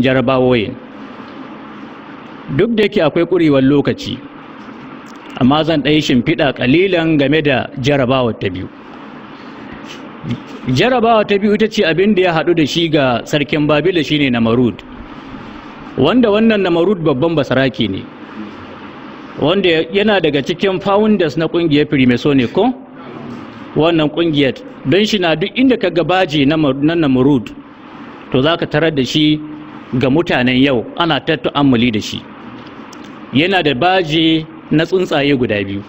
jarabawoyin duk da yake akwai kurewar lokaci amma zan ɗaya shimfiɗa ƙalilan game da jarabawar ta biyu jarabawa ta biyu ita ce abin da ya haɗu da shi ga sarkin babila shine namarud wanda wannan namarud babban basaraki ne wanda yana daga cikin founders na ƙungiyar ne ko wannan ƙungiyar don shi na duk inda ka gabaje na namarud to za ka tarar da shi ga mutanen yau ana ta tu'ammuli da shi yana da baje na tsuntsaye guda biyu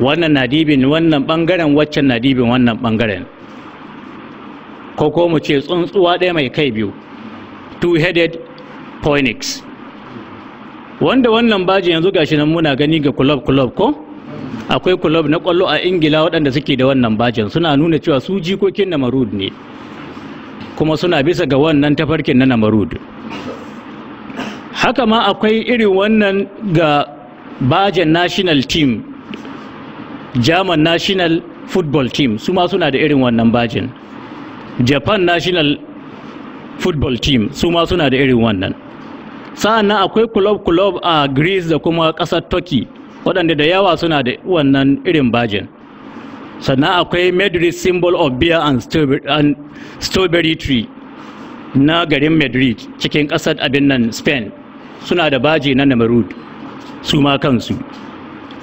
wannan nadibin wannan bangaren waccan nadibin wannan bangaren ko ko mu ce tsuntsuwa ɗaya mai kai biyu two-headed phoenix wanda wannan baje yanzu gashi nan muna gani ga kulob-kulob ko akwai kulob na kwallo a ingila waɗanda suke da wannan bajen suna nuna cewa su jikokin na marud ne kuma suna bisa ga wannan tafarkin na namarud haka ma akwai irin wannan ga bajan national team german national football team su ma suna da irin wannan bajin japan national football team su ma suna da irin wannan sa'an akwai club-club a greece da kuma ƙasar turkey waɗanda da yawa suna da wannan irin bajin sannan akwai madrid symbol of beer and strawberry tree na garin madrid cikin ƙasar abin nan spain suna da baji na namarud su ma kansu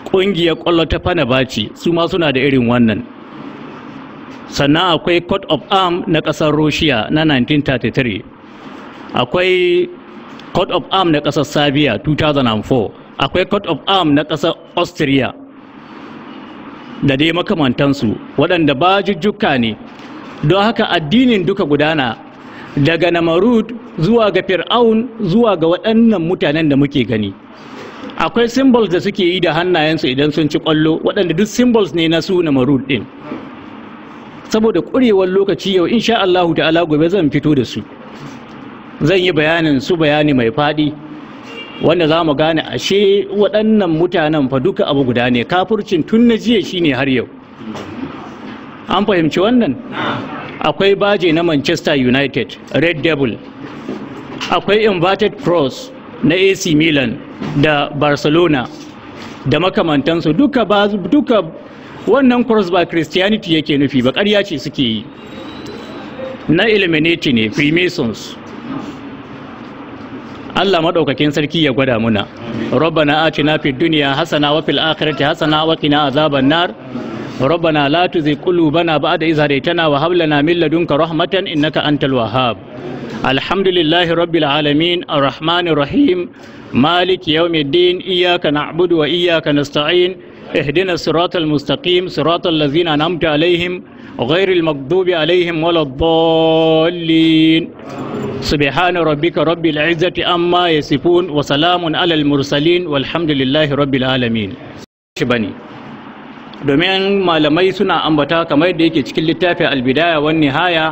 ƙungiyar ƙwallo ta fana baci su ma suna da irin wannan sannan akwai court of arm na ƙasar russia na 1933 akwai court of arm na ƙasar serbia 2004 akwai court of arm na ƙasar austria da dai makamantansu waɗanda ba jujjuka ne don haka addinin duka gudana daga namarud zuwa ga fir'aun zuwa ga waɗannan mutanen da muke gani akwai symbols da suke yi da hannayensu idan sun ci ƙwallo waɗanda duk symbols ne na su namarud ɗin saboda ƙurewar lokaci yau insha Allahu ta'ala gobe zan fito da su zan yi bayanin su bayani mai faɗi wanda za mu gane ashe waɗannan mutanen fa duka abu guda ne kafircin tun na jiya shine har yau an fahimci wannan akwai baje na manchester united red devil akwai inverted cross na ac milan da barcelona da makamantansu duka ba duka wannan cross ba christianity yake nufi ba ƙarya ce suke yi na illuminati ne freemasons Allah madaukakin sarki ya gwada muna rabbana atina fid dunya hasana wa fil akhirati hasana wa qina azaban nar rabbana la tuzigh qulubana ba'da idh hadaytana wa hab lana min ladunka rahmatan innaka antal wahhab alhamdulillahi rabbil alamin arrahmanir rahim maliki yawmiddin iyyaka na'budu wa iyyaka nasta'in اهدنا الصراط المستقيم صراط الذين أنعمت عليهم غير المغضوب عليهم ولا الضالين سبحان ربك رب العزة أما يصفون وسلام على المرسلين والحمد لله رب العالمين شبني domin malamai suna ambata kamar da yake cikin littafin albidaya wan nihaya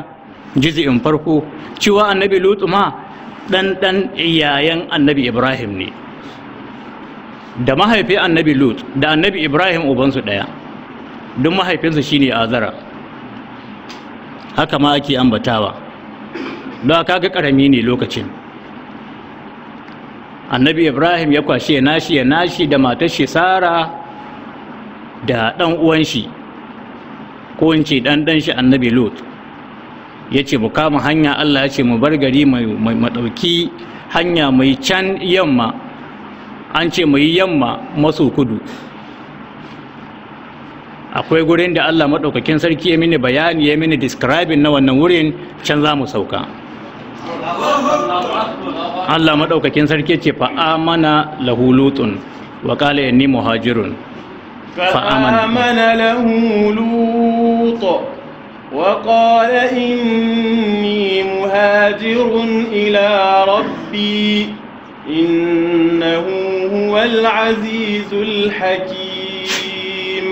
juz'in farko cewa annabi lutu ma dan dan iyayen annabi ibrahim ne da mahaifi annabi lut da annabi ibrahim ubansu ɗaya duk mahaifinsu shine azara haka ma ake ambatawa don ga karami ne lokacin annabi ibrahim ya kwashe nashi ya nashi da matar shi sara da ɗan uwan shi ko in ce dan shi annabi lut ya ce mu kama hanya allah ya ce mu bar gari mai ɗauki hanya mai can yamma an ce mu yi yamma masu kudu akwai gurin da Allah maɗaukakin sarki ya mini bayani ya mini describing na wannan wurin can za mu sauka Allah maɗaukakin sarki ce fa'amana lahu lutun wa qala inni muhajirun fa'amana lahu lut wa qala inni muhajirun ila rabbi إنه هو العزيز الحكيم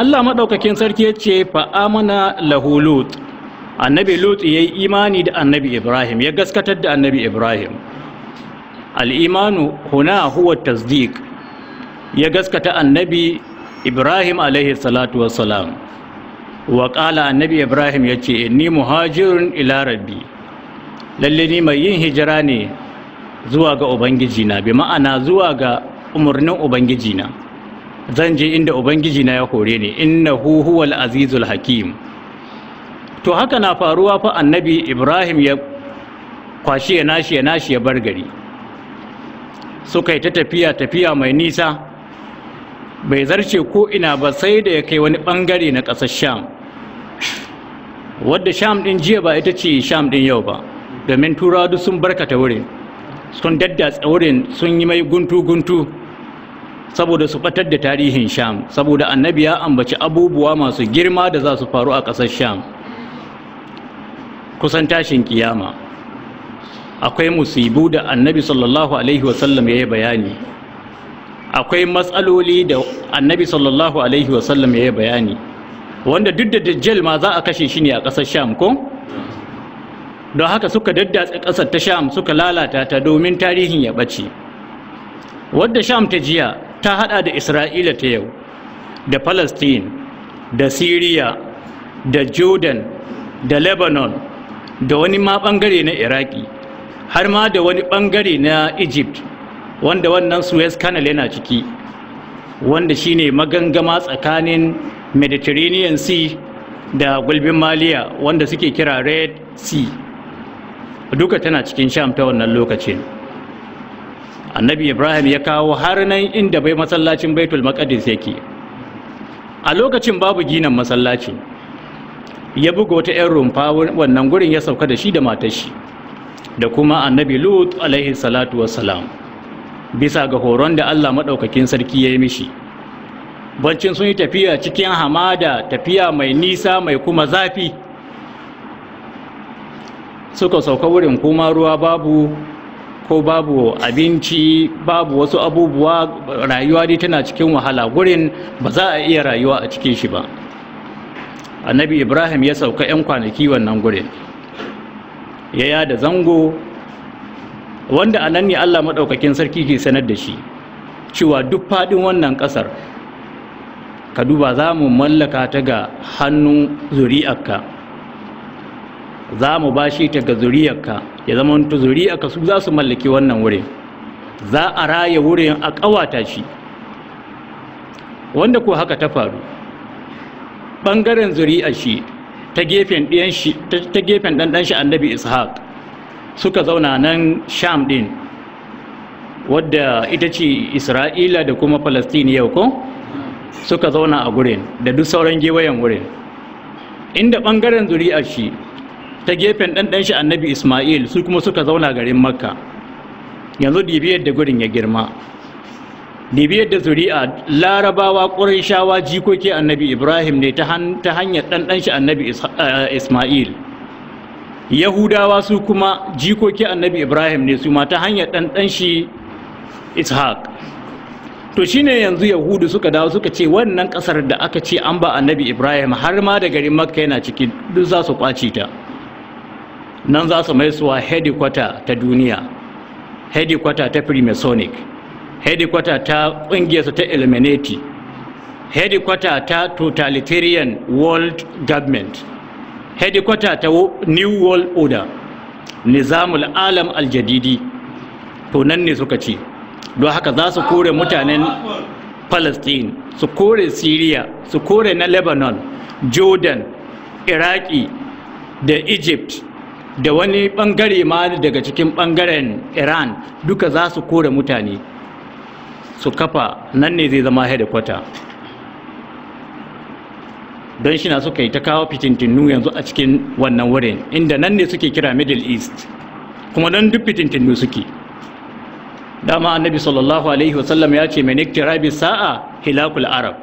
الله ما دوكا كين سركي يتشي annabi lut ya yi imani da annabi ibrahim ya gaskatar da annabi ibrahim al'imanu huna huwa tasdiq ya gaskata annabi ibrahim alaihi salatu wassalam wa ƙala annabi ibrahim ya ce ni muhajirin ila rabbi lalle ni mai yin hijira ne zuwa ga ubangiji na bi ma'ana zuwa ga umarnin ubangiji na zan je inda ubangiji na ya hore ni innahu huwal azizul hakim to haka na faruwa fa annabi ibrahim ya kwashi ya nashi ya nashi ya bar gari suka yi ta tafiya tafiya mai nisa bai zarce ko ina ba sai da ya kai wani bangare na ƙasar sham wadda sham din jiya ba ita ce sham din yau ba domin turawa sun barkata wurin sun dadda wurin sun yi mai guntu-guntu saboda su batar da tarihin sham saboda annabi ya ambaci abubuwa masu girma da za su faru a ƙasar sham kusan tashin kiyama akwai musibu da annabi sallallahu alaihi wasallam ya yi bayani akwai matsaloli da annabi sallallahu alaihi wasallam ya yi bayani wanda duk da dajjal ma za a kashe shi ne a ƙasar sham ko? don haka suka daddatsa ƙasar ta sham suka lalata ta domin tarihin ya ɓace wadda sham ta jiya ta haɗa da isra'ila ta yau da palestine da syria da jordan da lebanon da wani ma ɓangare na iraki har ma da wani ɓangare na egypt wanda wannan suez canal yana ciki wanda shine magangama tsakanin mediterranean sea da gulbin maliya wanda suke kira red sea duka tana cikin sham ta wannan lokacin annabi ibrahim ya kawo har nan inda bai masallacin baitul maqdis yake a lokacin babu ginin masallaci ya buga wata 'yan rumfa wannan gurin ya sauka da shi da matar shi da kuma annabi lut alaihi salatu wassalam bisa ga horon da allah maɗaukakin sarki ya yi mishi bancin sun yi tafiya cikin hamada tafiya mai nisa mai kuma zafi suka sauka wurin kuma ruwa babu ko babu abinci babu wasu abubuwa rayuwa dai tana cikin wahala gurin ba za a iya rayuwa a cikin shi ba annabi ibrahim ya sauka 'yan kwanaki wannan gurin ya yada zango wanda a nan ne allah maɗaukakin sarki ke sanar da shi cewa duk faɗin wannan ƙasar ka duba za mu mallaka ta ga hannun zuri'arka za mu bashi ta ga zuriyarka ya zama wani zuriyarka su za su mallaki wannan wurin za a raya wurin a ƙawata shi wanda ko haka ta faru ɓangaren zuri'a shi ta gefen ɗanɗan shi annabi ishaq suka zauna nan sham ɗin wadda ita ce isra'ila da kuma palestini yau ko suka zauna a gurin da duk sauran gewayen wurin inda ɓangaren zuri'a shi ta gefen ɗanɗan shi annabi ismail su kuma suka zauna garin makka yanzu dibiyar da gurin ya girma dibiyar da zuri'a larabawa shawa jikoki annabi ibrahim ne ta hanyar ɗanɗan shi annabi eh, ismail yahudawa su kuma jikoki annabi ibrahim ne su ma ta hanyar ɗanɗan shi ishaq to shine yanzu yahudu suka dawo suka ce wannan ƙasar da aka ce an ba annabi ibrahim har ma da garin makka yana ciki duk za su kwace ta nan za su mai suwa headquarter ta duniya headquarter ta freemasonic headquarter ta ƙungiyarsu ta illuminati headquarter ta totalitarian world government headquarter ta new world order nizamul alam aljadidi to nan ne suka ce don haka za su kore mutanen palestine su kore syria su kore na lebanon jordan iraki da egypt da wani bangare ma daga cikin bangaren iran duka za su kore mutane su kafa nan ne zai zama kwata don shi na suka yi ta kawo fitintinu yanzu a cikin wannan wurin inda nan ne suke kira middle east kuma don duk fitintinu suke dama annabi sallallahu alaihi wasallam ya ce mai rabi sa'a hilakul arab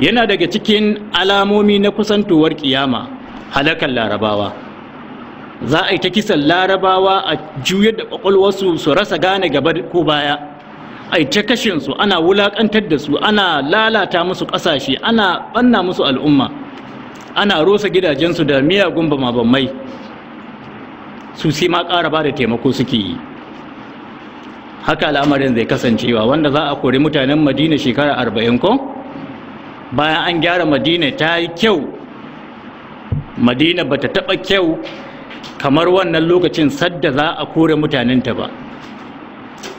yana daga cikin alamomi na kusantowar kiyama halakan larabawa za a yi ta kisan larabawa a juyar da kwakwalwarsu su rasa gane gaba ko baya a yi ta kashinsu ana wulaƙantar da su ana lalata musu ƙasashe ana ɓanna musu al'umma ana rosa gidajensu da miyagun bama-bamai su sai ma ƙara ba da taimako suke yi haka al'amarin zai kasancewa wanda za a kori mutanen madina shekara arba'in ko bayan an gyara madina ta yi kyau madina ba ta taɓa kyau kamar wannan lokacin sadda za a kore mutanenta ba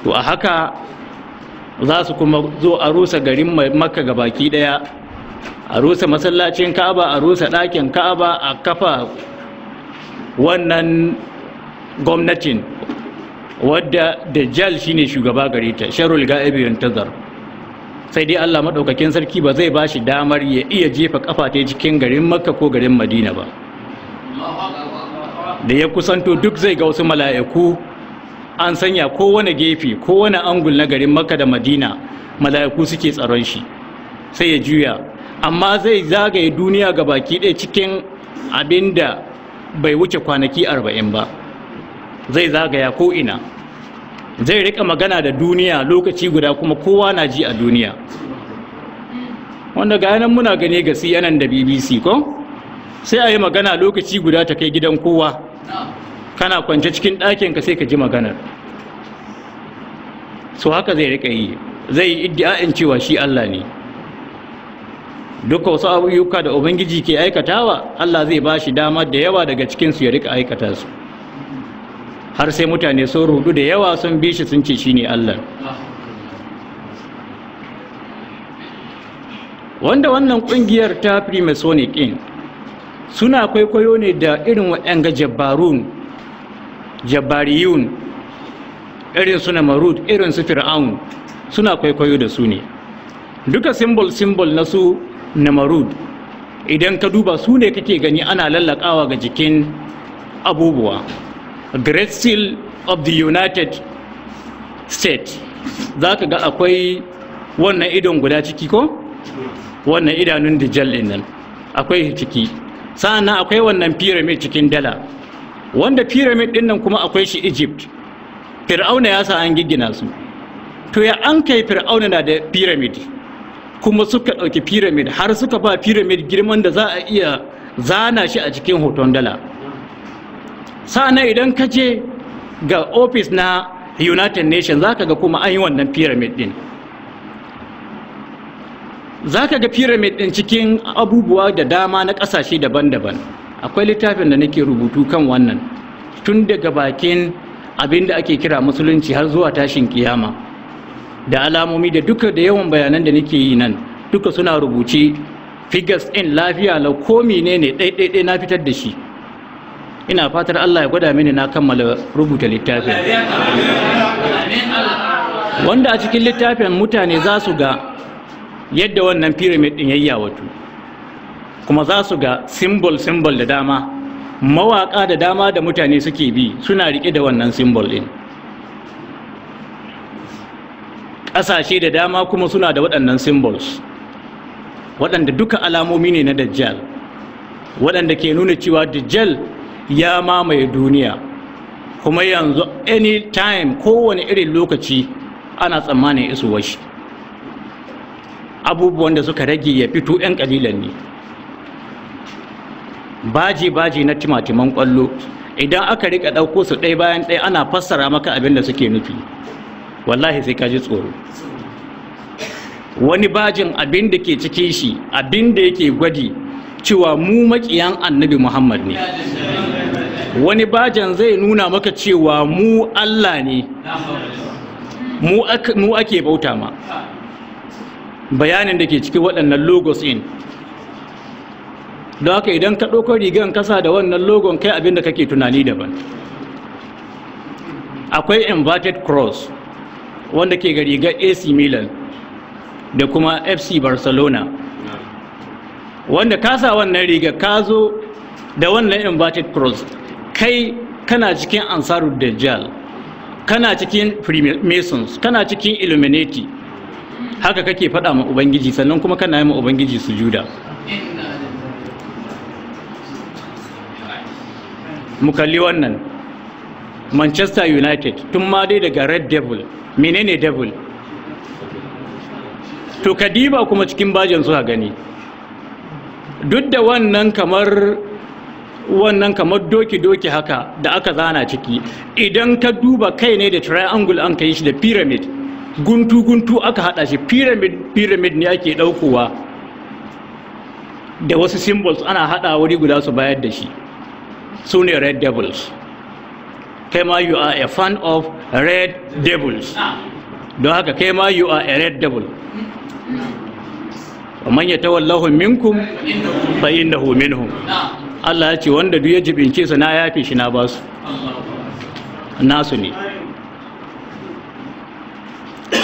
to a haka za su kuma zo a rusa garin makka ga baki daya a rusa masallacin ka'aba a rusa dakin ka'aba a kafa wannan gwamnatin wadda dajjal shine shugaba gare ta sharul ga'ibi yantazar sai dai Allah madaukakin sarki ba zai bashi damar ya iya jefa kafa ta cikin garin Makka ko garin Madina ba da ya kusanto duk zai ga wasu mala'iku an sanya kowane gefe kowane angul na garin maka da madina mala'iku suke tsaron shi sai ya juya amma zai zagaye duniya ga baki ɗaya cikin abin da bai wuce kwanaki arba'in ba zai zagaya ko'ina zai rika magana da duniya lokaci guda kuma kowa na ji a duniya wanda ga muna gane ga cnn da bbc ko sai a yi magana lokaci guda ta kai gidan kowa kana kwance cikin ɗakinka sai ka ji maganar Su haka zai rika yi zai yi iddia'in cewa shi Allah ne duka wasu abubuwa da ubangiji ke aikatawa Allah zai ba shi dama da yawa daga cikinsu ya rika aikata su har sai mutane sun rudu da yawa sun bi shi sun ce shi ne Allah wanda wannan kungiyar ta freemasonic inc suna kwaikwayo ne da irin ga jabbarun jabbariyun irin suna namarud irin su fir'aun suna kwaikwayo da su ne duka simbol simbol na su namarud idan ka duba su ne kake gani ana lallakawa ga jikin abubuwa great seal of the united states za ka ga akwai wannan idon guda ciki ko wannan idanun dijal nan akwai ciki sa'annan akwai wannan pyramid cikin dala wanda pyramid din nan kuma akwai shi Egypt Fir'auna ya sa an giggina su to ya an kai Fir'auna na da pyramid kuma suka dauki pyramid har suka ba pyramid girman da za a iya zana shi a cikin hoton dala sa'annan idan ka je ga office na United Nations zaka ga kuma an yi wannan pyramid din za ka ga pyramid ɗin cikin abubuwa da dama na ƙasashe daban-daban akwai littafin da nake rubutu kan wannan tun daga bakin abin da ake kira musulunci har zuwa tashin kiyama da alamomi da duka da yawan bayanan da nake yi nan duka suna rubuce figures in lafiya lau ko ne ɗaiɗaiɗai na fitar da shi ina fatar Allah ya gwada mini na kammala rubuta littafin wanda a cikin littafin mutane za su ga yadda wannan pyramid din yayya wato kuma za su ga symbol symbol da dama mawaka da dama da mutane suke bi suna rike da wannan symbol din Kasashe da dama kuma suna da waɗannan symbols waɗanda duka alamomi ne na dajjal waɗanda ke nuna cewa dajjal ya mamaye duniya kuma yanzu any time kowane irin lokaci ana tsammanin isuwar shi abubuwan da suka rage ya fito 'yan kalilan ne baji-baji na timatiman kwallo idan aka rika ɗauko su ɗaya bayan ɗaya ana fassara maka abin da suke nufi wallahi sai ka ji tsoro wani bajin abin da ke cikin shi abin da yake gwadi cewa mu makiyan annabi muhammad ne wani bajin zai nuna maka cewa mu allah ne mu ake bauta ma bayanin da ke cikin waɗannan logos in don haka idan ka ɗauko rigar kasa da wannan logon kai abinda kake tunani daban akwai inverted cross wanda ke ga rigar ac milan da kuma fc barcelona wanda kasa wannan riga ka zo da wannan inverted cross kai kana cikin ansarud dajjal kana cikin freemasons kana cikin illuminati haka kake faɗa ma ubangiji sannan kuma kana yi ma ubangiji sujuda mu kalli wannan manchester united tun ma dai daga red devil menene devil to kadiba kuma cikin bajin su gani duk da wannan kamar wannan kamar doki-doki haka da aka zana ciki idan ka duba kai ne da triangle an ka yi shi da pyramid guntu guntu aka hada shi pyramid pyramid ne ake daukowa da wasu symbols ana hada wuri guda su bayar da shi su ne red devils kai ma you a fan of red devils don haka kai ma you are a red devil man ya tawallahu minkum fa innahu minhum Allah ya ce wanda duk ya jibince su na yafe shi na basu nasu ne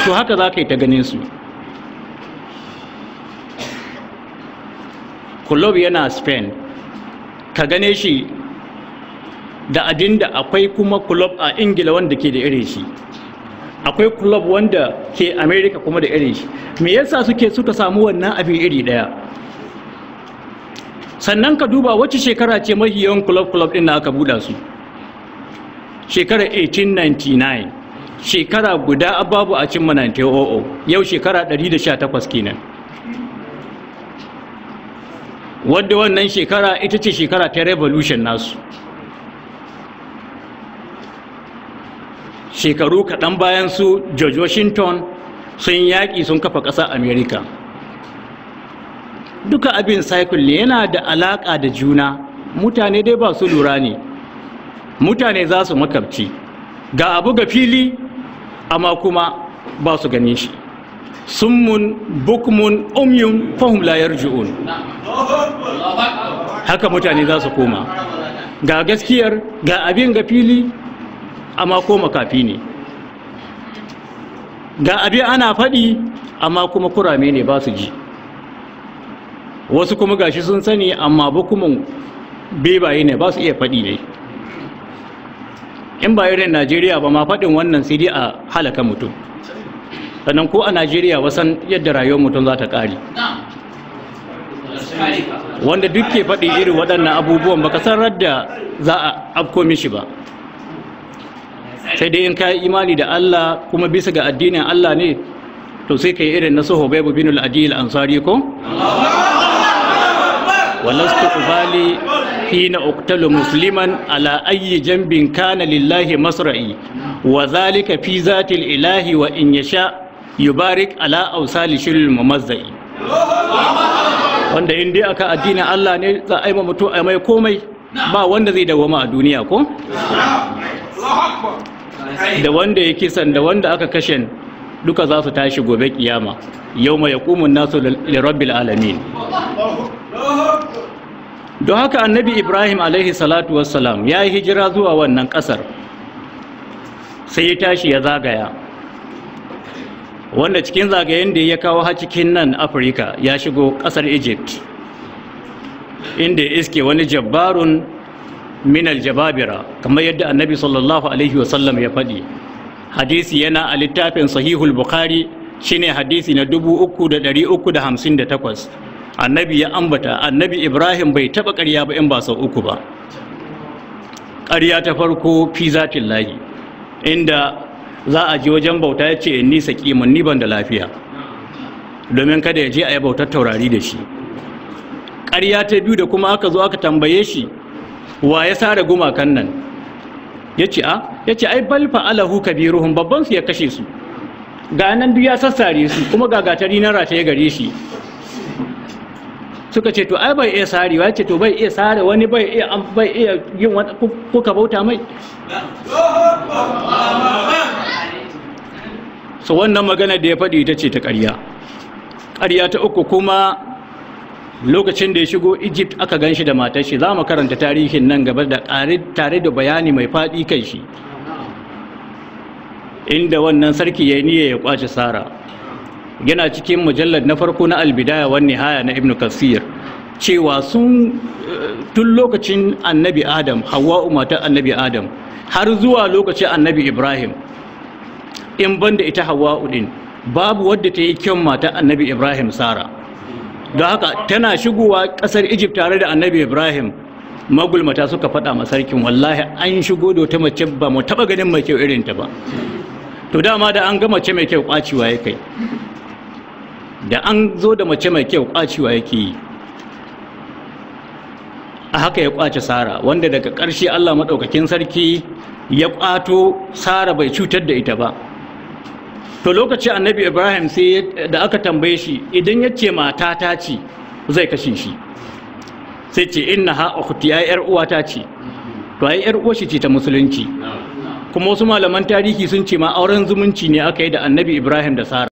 to haka za ka yi ta ganin su kulob yana spain ka gane shi da adin da akwai kuma kulob a ingila wanda ke da irin shi akwai kulob wanda ke Amerika kuma da irin shi me yasa suke suka samu wannan abin iri daya sannan ka duba wacce shekara ce mahiyan kulob-kulob din na aka buɗa su shekarar 1899 shekara guda babu a cimma 1900 yau shekara 118 kenan wadda wannan shekara ita ce shekara ta revolution nasu shekaru kaɗan bayan su george washington sun yaƙi sun kafa ƙasa america duka abin cycle ne yana da alaƙa da juna mutane dai ba su lura ne mutane za su makamci ga abu ga fili amma kuma ba su ganin shi summun bukmun umyun fahim layar ju'un. haka mutane za su koma ga gaskiyar ga abin ga fili amma ko makafi ne ga abin ana faɗi amma kuma kurame ne ba su ji wasu kuma gashi sun sani amma bukumin bebaye ne ba su iya faɗi ne in ba irin najeriya ba ma faɗin wannan sai dai a halaka mutum sannan ko a najeriya wasan yadda rayuwar mutum za ta ƙari wanda duk ke faɗi irin waɗannan abubuwan baka san radda za a afko mishi ba sai dai in ka imani da Allah kuma bisa ga addinin Allah ne to sai ka yi irin na soho bai bubinul adil ansari ko wallastu ubali na uktalu musliman ala ayyi jambin kana lillahi masra'i wa zalika fi zatil ilahi wa in yasha yubarik ala ausali shirul mumazzai wanda in dai aka addinin Allah ne za a yi ma mutum a komai ba wanda zai dawoma a duniya ko da wanda ya kisan da wanda aka kashe duka za su tashi gobe kiyama yau mai yakumun nasu lirabbil alamin don haka annabi ibrahim alaihi salatu wassalam ya yi hijira zuwa wannan ƙasar sai ya tashi ya zagaya wanda cikin zagayen da ya kawo hacikin nan afirka ya shigo ƙasar egypt inda ya iske wani jabbarun minal jababira kamar yadda annabi sallallahu alaihi wasallam ya faɗi hadisi yana a littafin sahihul bukhari shine hadisi na 3358 annabi ya ambata annabi ibrahim bai taba ƙarya ba in ba sau uku ba ƙarya ta farko fi zatin layi inda za a je wajen bauta ya ce ni saƙimin ni ban da lafiya domin kada ya je a yi bautar taurari da shi ƙarya ta biyu da kuma aka zo aka tambaye shi wa ya sare gumakan nan ya ce a ah, ya ce ai bal fa'alahu kabiruhum babban su ya kashe su ga nan duk ya sassare su kuma gagatari na rataye gare shi suka ce to ai bai iya sarewa ce to bai iya sare wani bai iya an bai iya yin wata kuka bauta mai so wannan magana da ya faɗi ita ce ta ƙarya ƙarya ta uku kuma lokacin da ya shigo egypt aka ganshi da matar shi za mu karanta tarihin nan gaba da tare da bayani mai faɗi kan shi inda wannan sarki ya niyya ya kwace sara yana cikin mujallar na farko na albidaya wani haya na ibn kasir cewa sun eh, tun lokacin annabi adam hawa matar annabi adam har zuwa lokacin annabi ibrahim in banda ita hawa din babu wadda ta yi kyan matar annabi ibrahim sara Da haka tana shigowa ƙasar egypt tare da annabi ibrahim magulmata suka faɗa ma sarkin wallahi an shigo da wata mace ba mu taba ganin mai kyau irinta ba to dama da an ga mace mai kyau kwacewa ya kai da an zo da mace mai kyau kwacewa yake yi a haka ya kwace sara wanda daga ƙarshe allah maɗaukakin sarki ya kwato sara bai cutar da ita ba to lokaci annabi ibrahim sai da aka tambaye shi idan ya ce mata ta ce zai kashe shi sai ce inna ha ya yar uwa ta ce to ai yar uwa shi ce ta musulunci kuma wasu malaman tarihi sun ce ma auren zumunci ne aka yi da annabi ibrahim da sara